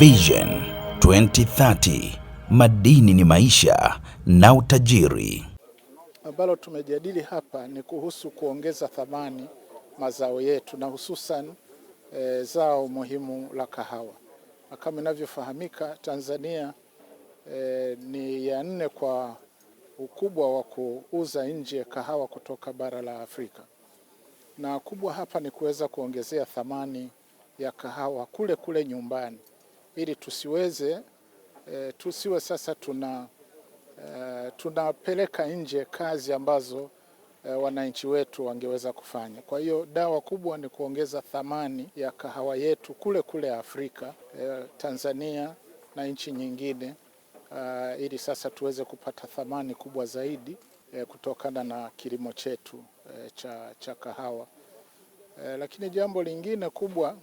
Vision 2030 madini ni maisha na utajiri. Ambalo tumejadili hapa ni kuhusu kuongeza thamani mazao yetu na hususan e, zao muhimu la kahawa. Kama inavyofahamika Tanzania e, ni ya nne kwa ukubwa wa kuuza nje ya kahawa kutoka bara la Afrika, na kubwa hapa ni kuweza kuongezea thamani ya kahawa kule kule nyumbani ili tusiweze e, tusiwe sasa tuna e, tunapeleka nje kazi ambazo e, wananchi wetu wangeweza kufanya. Kwa hiyo dawa kubwa ni kuongeza thamani ya kahawa yetu kule kule Afrika, e, Tanzania na nchi nyingine e, ili sasa tuweze kupata thamani kubwa zaidi e, kutokana na kilimo chetu e, cha, cha kahawa e, lakini jambo lingine kubwa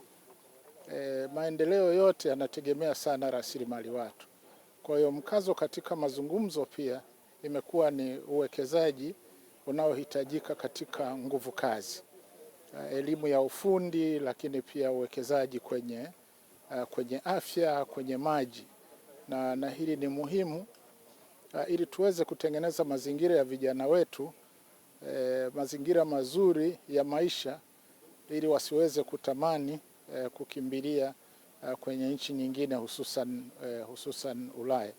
e, maendeleo yote yanategemea sana rasilimali watu. Kwa hiyo mkazo katika mazungumzo pia imekuwa ni uwekezaji unaohitajika katika nguvu kazi, eh, elimu ya ufundi, lakini pia uwekezaji kwenye, eh, kwenye afya, kwenye maji na, na hili ni muhimu ili tuweze kutengeneza mazingira ya vijana wetu e, mazingira mazuri ya maisha ili wasiweze kutamani Eh, kukimbilia eh, kwenye nchi nyingine hususan, eh, hususan Ulaya.